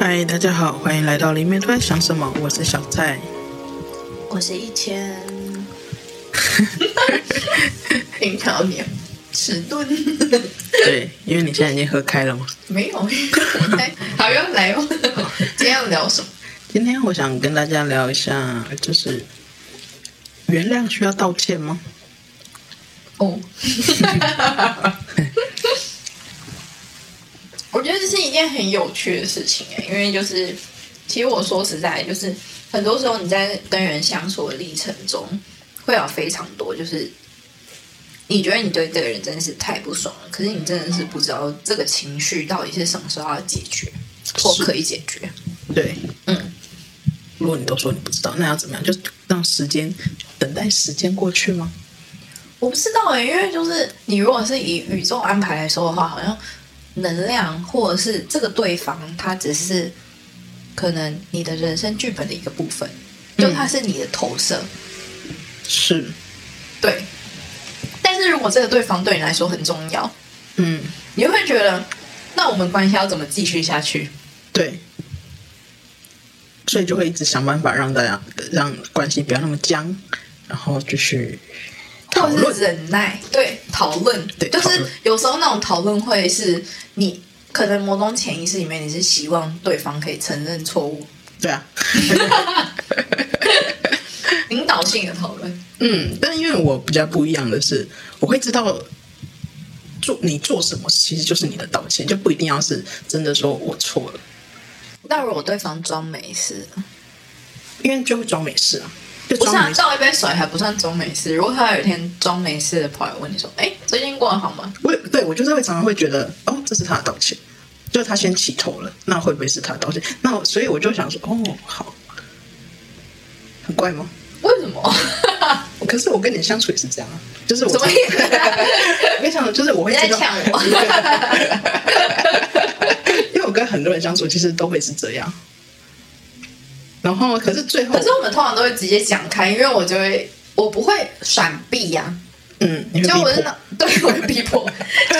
嗨，Hi, 大家好，歡迎來到《靈媒都在想什麼》，我是小蔡，我是一千，哈哈哈，平常你遲鈍，對，因為你現在已經喝開了嘛，沒有，好喲，來喲， 好今天要聊什麼？今天我想跟大家聊一下，就是原諒需要道歉嗎？哦，哈哈哈哈。很有趣的事情，欸、因為就是，其實我說實在，就是很多時候你在跟人相處的歷程中，會有非常多，就是你覺得你對這個人真的是太不爽了，可是你真的是不知道這個情緒到底是什麼時候要解決，嗯、或可以解決。對，嗯，如果你都說你不知道，那要怎麼樣？就讓時間等待時間過去嗎？我不知道誒、欸，因為就是你如果是以宇宙安排來說的話，好像。能量，或者是這個對方，他只是可能你的人生劇本的一個部分，嗯、就他是你的投射，是，對。但是如果這個對方對你來說很重要，嗯，你就會覺得，那我們關係要怎麼繼續下去？對，所以就會一直想辦法讓大家、讓關係不要那麼僵，然後繼續。或者是忍耐，對，討論，對，就是論有時候那種討論會是，你可能某種潛意識裡面你是希望對方可以承認錯誤，對啊， 領導性的討論，嗯，但因為我比較不一樣的是，我會知道做你做什麼其實就是你的道歉，就不一定要是真的說我錯了。那如果對方裝沒事，因為就會裝沒事啊。我想倒一杯水還不算裝沒事。如果他有一天裝沒事的跑來問你說：“哎、欸，最近過得好嗎？”我對，我就是會常常會覺得，哦，這是他的道歉，就是他先起頭了，那會不會是他的道歉？那我所以我就想說，哦，好，很怪嗎？為什麼？可是我跟你相處也是這樣，就是我怎麼也這、啊、 就是我會在因為我跟很多人相處其實都會是這樣。然後，可是最後，可是我們通常都會直接講開，因為我就會，我不會閃避呀、啊，嗯，就我是對，我會逼迫， 就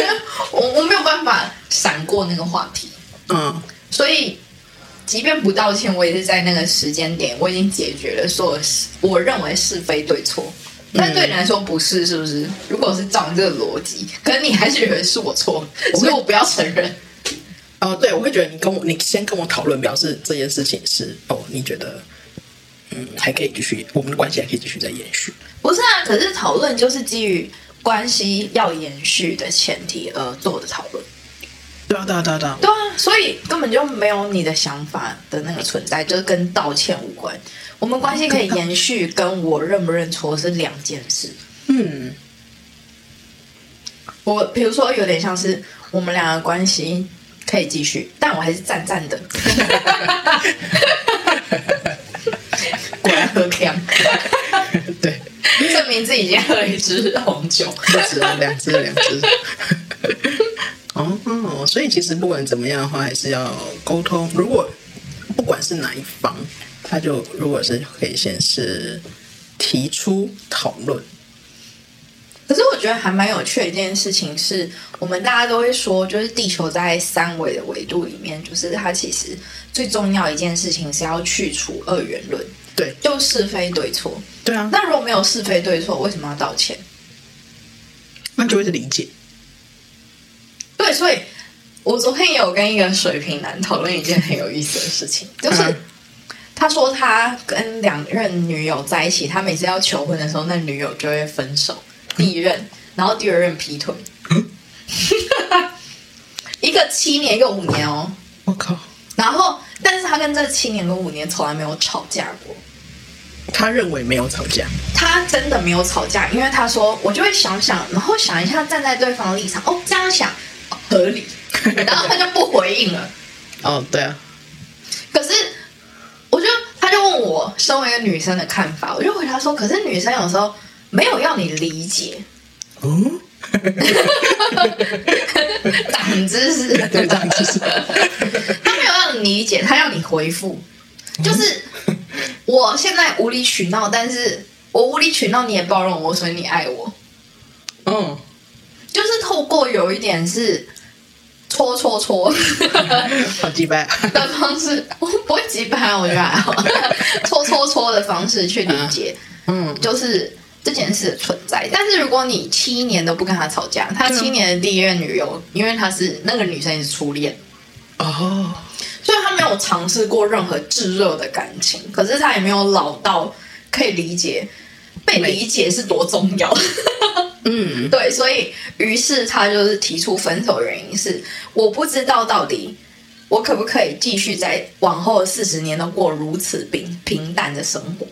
我我沒有辦法閃過那個話題，嗯，所以即便不道歉，我也是在那個時間點，我已經解決了說，我認為是非對錯，但對你來說不是，是不是？如果我是照你這個邏輯，可能你還是以為是我錯，我會所以我不要承認。哦，對，我會覺得你跟我，你先跟我討論，表示這件事情是哦，你覺得嗯還可以繼續，我們的關係還可以繼續再延續。不是啊，可是討論就是基於關係要延續的前提而做的討論。對啊，對啊，對啊，對啊。對啊，所以根本就沒有你的想法的那個存在，就是跟道歉無關。我們關係可以延續，跟我認不認錯是兩件事。嗯。我比如說，有點像是我們兩個關係。可以繼續，但我還是贊贊的。果然喝這樣， 對，證明自己已經喝了一支紅酒， 不止兩支，兩支。兩隻 哦、嗯，所以其實不管怎麼樣的話，還是要溝通。如果不管是哪一方，他就如果是可以先是提出討論。可是我覺得還蠻有趣的一件事情是，我們大家都會說，就是地球在三維的維度裡面，就是它其實最重要一件事情是要去除二元論，對，就是非對錯，對啊。那如果沒有是非對錯，為什麼要道歉？那就會是理解。對，所以我昨天有跟一個水瓶男討論一件很有意思的事情， 就是、嗯、他說他跟兩任女友在一起，他每次要求婚的時候，那女友就會分手。第一任，然後第二任劈腿， 一個七年，一個五年哦，我、哦、靠！然後，但是他跟這七年跟五年從來沒有吵架過，他認為沒有吵架，他真的沒有吵架，因為他說我就會想想，然後想一下站在對方的立場，哦，這樣想、哦、合理，然後他就不回應了。 哦，對啊，可是，我就他就問我身為一個女生的看法，我就回答說，可是女生有時候。沒有要你理解哦，膽子是膽子是， 他沒有要你理解，他要你回復，就是、嗯、我現在無理取鬧，但是我無理取鬧，你也包容我，所以你愛我。嗯、哦，就是透過有一點是戳戳戳， 好幾百的方式，我不會急巴，我覺得還好戳戳戳的方式去理解，啊、嗯，就是。這件事的存在的，嗯、但是如果你七年都不跟他吵架，他七年的第一任女友，因為她是那個女生也是初戀，哦，所以他沒有嘗試過任何炙熱的感情，可是他也沒有老到可以理解被理解是多重要。沒 嗯，對，所以於是他就是提出分手，原因是我不知道到底我可不可以繼續在往後四十年都過如此平平淡的生活。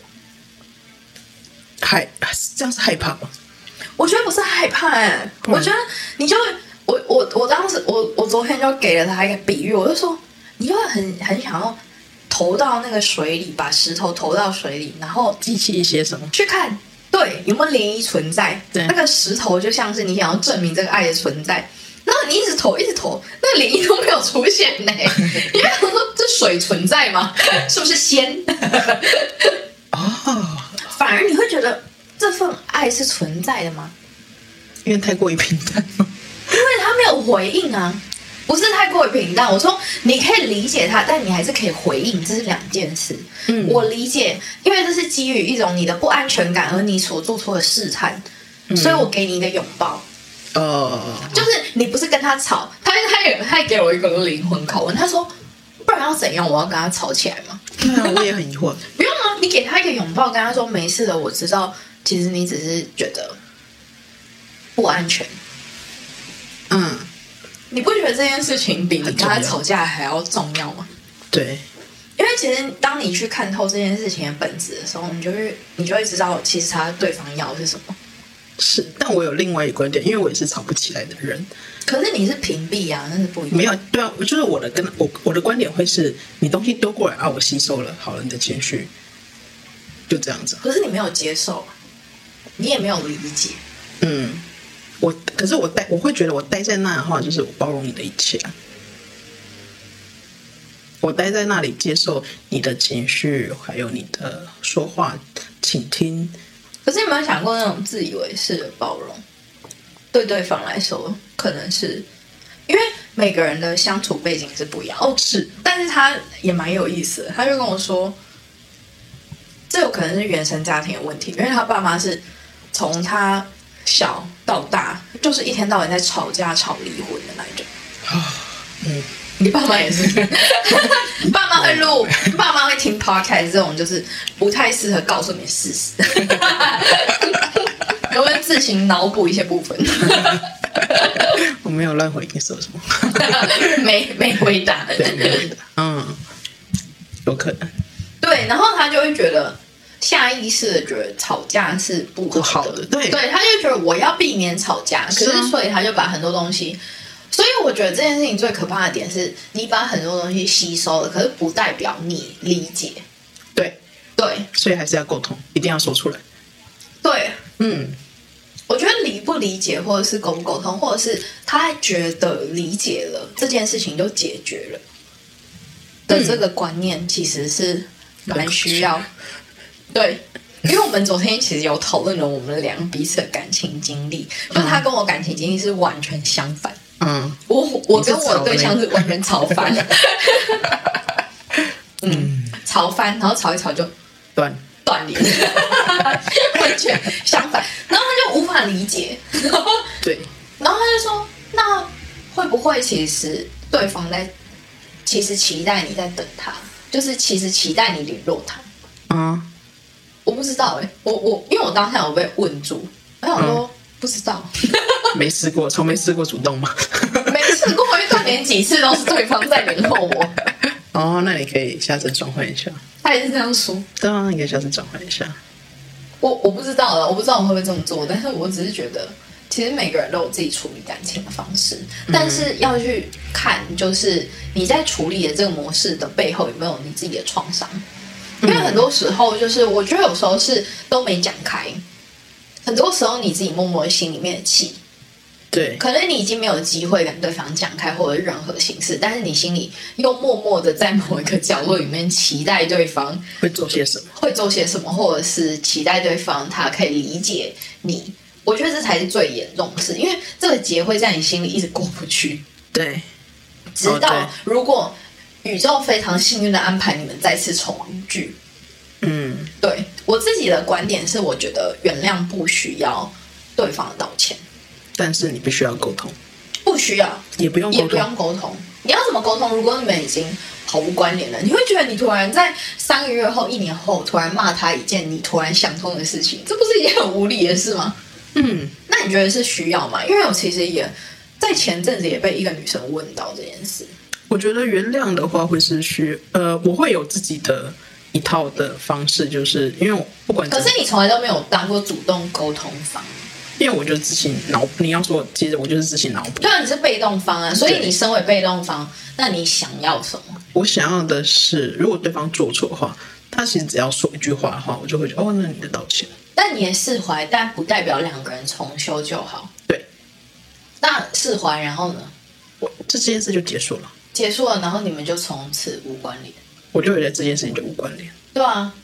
害，這樣是害怕嗎？我覺得不是害怕。欸，哎、嗯，我覺得你就我我我當時我我昨天就給了他一個比喻，我就說你會很很想要投到那個水裡，把石頭投到水裡，然後激起一些什麼去看，對，有沒有漣漪存在？對，那個石頭就像是你想要證明這個愛的存在，然後你一直投，一直投，那漣漪都沒有出現呢、欸，因為我說這水存在嗎？ 是不是仙？哦。 Oh. 反而你會覺得這份愛是存在的嗎？因為太過於平淡。 因為他沒有回應啊，不是太過於平淡。我說你可以理解他，但你還是可以回應，這是兩件事。嗯，我理解，因為這是基於一種你的不安全感，而你所做出的試探。嗯、所以我給你一個擁抱。呃、嗯，就是你不是跟他吵，他他也他給我一個靈魂拷問，他說不然要怎樣？我要跟他吵起來嗎？那、 啊、我也很疑惑。不用啊。你給他一個擁抱，跟他說沒事的。我知道。其實你只是覺得不安全。嗯，你不覺得這件事情比你跟他吵架還要重要嗎？很重要。對。因為其實當你去看透這件事情的本質的時候，你就會你就會知道，其實他對方要的是什麼。是，但我有另外一個觀點，因為我也是吵不起來的人。可是你是屏蔽啊，但是不沒有對啊，就是我的跟我我的觀點會是，你東西丟過來啊，我吸收了，好了，你的情緒就這樣子。可是你沒有接受，你也沒有理解。嗯，我可是我待我會覺得我待在那的話，就是我包容你的一切。我待在那裡接受你的情緒，還有你的說話，傾聽。可是你有沒有想過那種自以為是的包容？對對方來說，可能是因為每個人的相處背景是不一樣。哦，是，但是他也蠻有意思的，他就跟我說，這有可能是原生家庭的問題，因為他爸媽是從他小到大就是一天到晚在吵架、吵離婚的那一種。啊、哦，嗯，你爸媽也是？ 爸媽會錄，對爸媽會聽 Podcast，這種就是不太適合告訴你事實。 有沒有自行腦補一些部分？ 我沒有亂回，你說什麼， 沒沒回答。對沒回答，嗯，有可能。對，然後他就會覺得下意識的覺得吵架是不好的，哦，好的，對對，他就覺得我要避免吵架。是啊，可是所以他就把很多東西，所以我覺得這件事情最可怕的點是你把很多東西吸收了，可是不代表你理解。對對，所以還是要溝通，一定要說出來。對，嗯。不理解，或者是溝不溝通，或者是他覺得理解了這件事情就解決了的這個觀念，嗯、其實是蠻需要。嗯、對，因為我們昨天其實有討論了我們倆彼此的感情經歷，就、嗯、是他跟我感情經歷是完全相反。嗯，我我跟我對象是完全吵翻了。嗯， 嗯，吵翻，然後吵一吵就斷。嗯斷聯，完全相反，然後他就無法理解。然後對，然後他就說：“那會不會其實對方在，其實期待你在等他，就是其實期待你聯絡他？”啊、嗯，我不知道誒、欸，我我因為我當下我被問住，我想說、嗯、不知道，沒試過，從沒試過主動嗎？沒試過。我斷聯幾次都是對方在聯絡我。哦，oh, 那你可以下次轉換一下。他也是這樣說，對啊，你可以下次轉換一下。我我不知道了、啊，我不知道我會不會這麼做，但是我只是覺得，其實每個人都有自己處理感情的方式，但是要去看，就是你在處理的這個模式的背後有沒有你自己的創傷，因為很多時候就是我覺得有時候是都沒講開，很多時候你自己默默心裡面的氣。對，可能你已經沒有機會跟對方講開或者任何形式，但是你心裡又默默的在某一個角落裡面期待對方會做些什麼、呃，會做些什麼，或者是期待對方他可以理解你。我覺得這才是最嚴重的事，因為這個結會在你心裡一直過不去。對，直到如果宇宙非常幸運的安排你們再次重聚，嗯，對我自己的觀點是，我覺得原諒不需要對方的道歉。但是你必須要溝通，嗯，不需要也不用也不用溝通。你要怎麼溝通？如果你們已經毫無關聯了，你會覺得你突然在三個月後、一年後突然罵他一件你突然想通的事情，這不是一件很無理的事嗎？嗯，那你覺得是需要嗎？因為我其實也在前陣子也被一個女生問到這件事。我覺得原諒的話會是需要，呃，我會有自己的一套的方式，就是因為我不管。可是你從來都沒有當過主動溝通方。因為我就自行腦，你要說其實我就是自行腦補。對，你是被動方，啊，所以你身為被動方，對那你想要什麼？我想要的是，如果對方做錯的話，他其實只要說一句話的話，我就會覺得哦，那你的道歉、但你的釋懷，但不代表兩個人重修就好。對。那釋懷，然後呢？我，這件事就結束了。結束了，然後你們就從此無關聯。我就覺得這件事情就無關聯。對啊。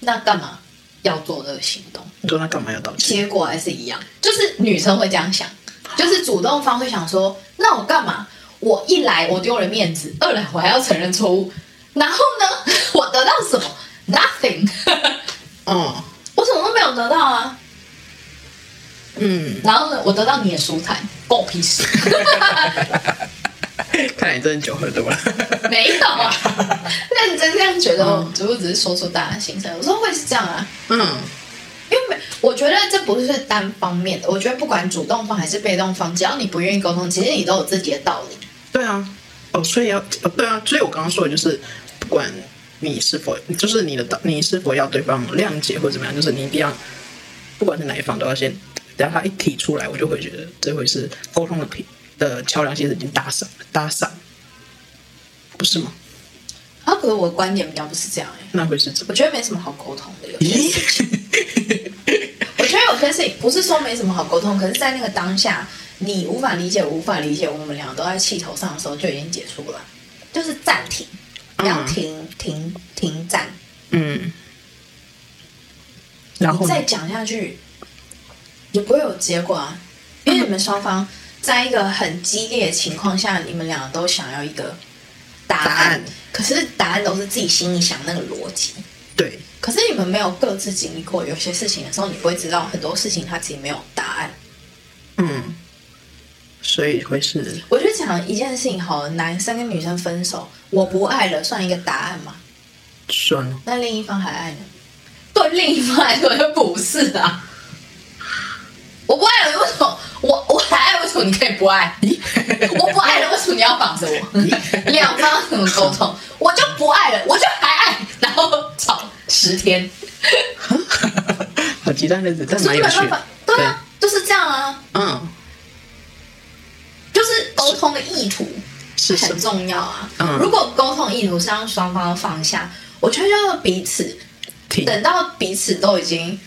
那幹嘛？嗯要做那個行動，你說他幹嘛要道歉？結果還是一樣，就是女生會這樣想，就是主動方會想說，那我幹嘛？我一來我丟了面子，二來我還要承認錯誤，然後呢，我得到什麼？nothing。 嗯，我什麼都沒有得到啊。嗯，然後呢，我得到你的蔬菜，關我屁事。 看來你真的酒喝多了， 沒有啊？認 真是這樣覺得，只不過只是說出大家心聲。我說會是這樣啊，嗯，因為、哦、我覺得這不是單方面的，我覺得不管主動方還是被動方，只要你不願意溝通，其實你都有自己的道理。對啊，哦，所以要、哦，對啊，所以我剛剛說的就是，不管你是否，就是你的，你是否要對方諒解或者怎麼樣，就是你一定要，不管是哪一方，都要先，只要他一提出來，我就會覺得這回是溝通的題的橋樑其實已經打散了，打散，不是嗎，啊？可是我的觀點比較不是這樣哎、欸，那會是怎麼？我覺得沒什麼好溝通的。有些事情 我覺得有些事情不是說沒什麼好溝通，可是，在那個當下，你無法理解，我無法理解，我們兩個都在氣頭上的時候，就已經結束了，就是暫停，嗯、要停停停，暫，嗯，然後再講下去也不會有結果啊，嗯，因為你們雙方。在一個很激烈的情況下，你們兩個都想要一個答案，答案，可是答案都是自己心裡想的那個邏輯。對，可是你們沒有各自經歷過有些事情的時候，你不會知道很多事情他自己沒有答案。嗯，嗯，所以會是我就想講一件事情好了，男生跟女生分手，我不愛了，算一個答案嗎？算了，那另一方還愛呢？對，另一方還愛多 不愛，我不愛了，為什麼你要綁着我？兩方怎麼溝通？我就不愛了，我就還愛，然後吵十天，好極端的，所以沒有去。對啊,對,對啊，就是這樣啊。嗯，就是溝通的意圖是很重要啊。是是嗯、如果溝通意圖是讓雙方放下，我覺得就彼此等到彼此都已經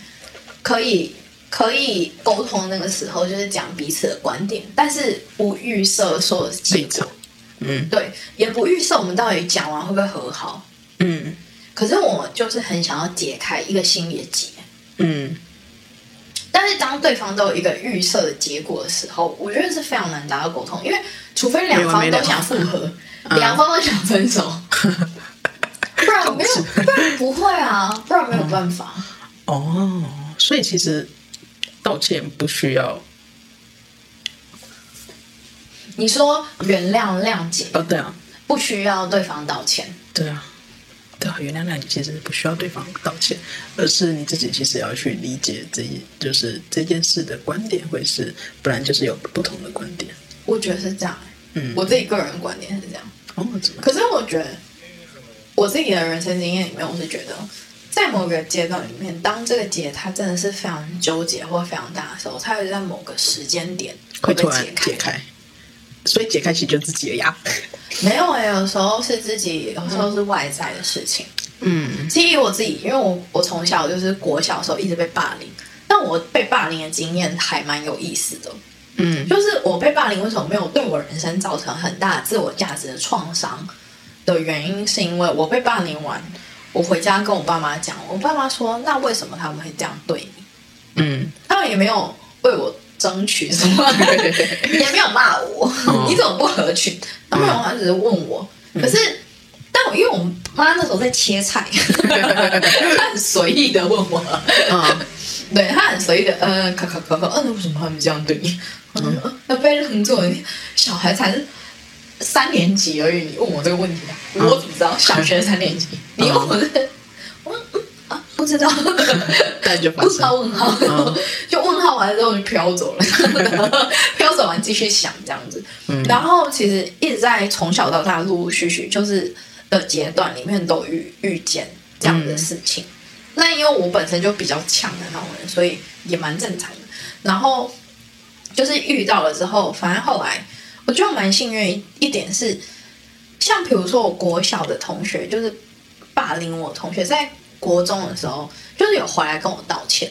可以。可以溝通那個時候，就是講彼此的觀點，但是不預設說結果，嗯，對，也不預設我們到底講完會不會和好，嗯。可是我就是很想要解開一個心理的結，嗯。但是當對方都有一個預設的結果的時候，我覺得是非常難達到溝通，因為除非兩方都想復合，兩方都想分手，啊、 不然沒有，不然不會啊，不然沒有辦法。哦，所以其實。道歉不需要。你說原諒、諒解哦，對啊，不需要對方道歉，對啊，對啊，原諒、諒解其實不需要對方道歉，Okay. 而是你自己其實要去理解這一，就是這件事的觀點會是，不然就是有不同的觀點。我覺得是這樣，嗯，我自己個人觀點是這樣。哦，怎麼？可是我覺得，我自己的人生經驗裡面，我是覺得。在某個階段裡面，當這個結它真的是非常糾結或非常大的時候，它會在某個時間點會被解開。解開。所以解開其實就自己的呀。沒有誒。有時候是自己，有時候是外在的事情。嗯，至於我自己，因為我我從小就是國小的時候一直被霸凌，但我被霸凌的經驗還蠻有意思的。嗯，就是我被霸凌為什麼沒有對我人生造成很大自我價值的創傷的原因，是因為我被霸凌完。我回家跟我爸媽講，我爸媽說：“那為什麼他們會這樣對你？嗯，他們也沒有為我爭取什麼， 對對對也沒有罵我，哦、 你怎麼不合群？然後他們好像只是問我。嗯、可是，但我因為我媽那時候在切菜，嗯、 他很隨意的問我，啊、嗯， 對，他很隨意的，嗯，可可可。」「卡，卡，卡，卡，嗯、啊，為什麼他們這樣對你？嗯，那、啊、被作人做小孩才是。”三年級而已，你問我這個問題、啊嗯、我怎麼知道？小學三年級，嗯、你問我的、哦，嗯啊，不知道，但就不知道問號，哦、就問號完之後就飄走了，飄走完繼續想這樣子。嗯、然後其實一直在從小到大陸陸續續，就是的階段裡面都遇遇見這樣的事情。那、嗯、因為我本身就比較強的那種人，所以也蠻正常的。然後就是遇到了之後，反而後來。我覺得蠻幸運一點是，像比如說，我國小的同學就是霸凌我同學，在國中的時候，就是有回來跟我道歉。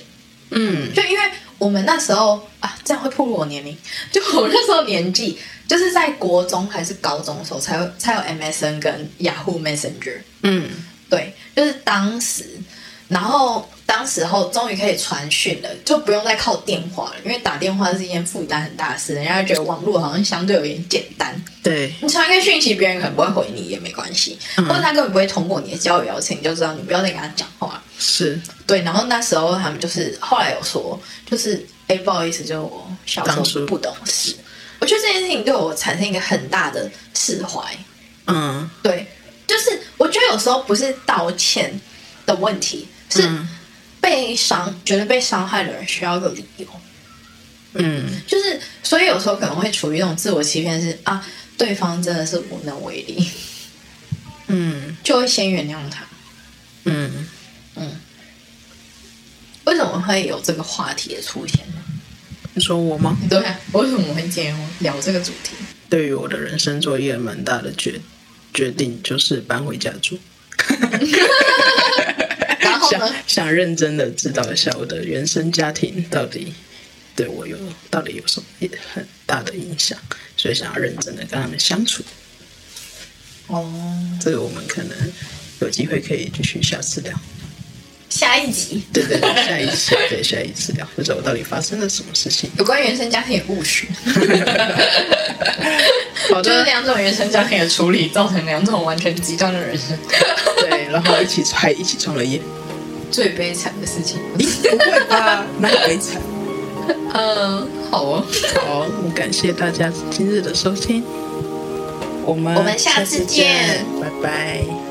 嗯，就因為我們那時候啊，這樣會暴露我年齡，就我那時候年紀， 就是在國中還是高中的時候才，才才有 MSN 跟雅虎、ah、Messenger。嗯，對，就是當時，然後。當時候終於可以傳訊了，就不用再靠電話了，因為打電話是一件負擔很大的事，人家覺得網絡好像相對有點簡單。對，你傳個訊息，別人可能不會回你，也沒關係，或者、嗯、他根本不會通過你的交友邀請，你就知道你不要再跟他講話。是，對。然後那時候他們就是後來有說，就是哎，不好意思，就我小時候不懂事。當初。我覺得這件事情對我產生一個很大的釋懷。嗯，對，就是我覺得有時候不是道歉的問題，是。嗯被傷，覺得被傷害的人需要個理由，嗯，就是，所以有時候可能會處於一種自我欺騙，是啊，對方真的是無能為力，嗯，就會先原諒他，嗯嗯，為什麼會有這個話題的出現呢？你說我嗎？對啊，我為什麼會建議我聊這個主題？對於我的人生做一個蠻大的決決定，就是搬回家住。 想，想認真的知道一下我的原生家庭到底對我有到底有什麼也很大的影響，所以想要認真的跟他們相處。哦，這個我們可能有機會可以繼續下次聊。下一集。對對，對，下一集，對下一集聊，不知道我到底發生了什麼事情。有關原生家庭 的誤區。好，多兩種原生家庭的處理造成兩種完全極端的人生。對，然後，然後一起還一起創了業。最悲慘的事情？不會吧， 那很悲慘。 嗯，好啊、哦。 好，我感謝大家今日的收聽。我們我們下次見。拜拜。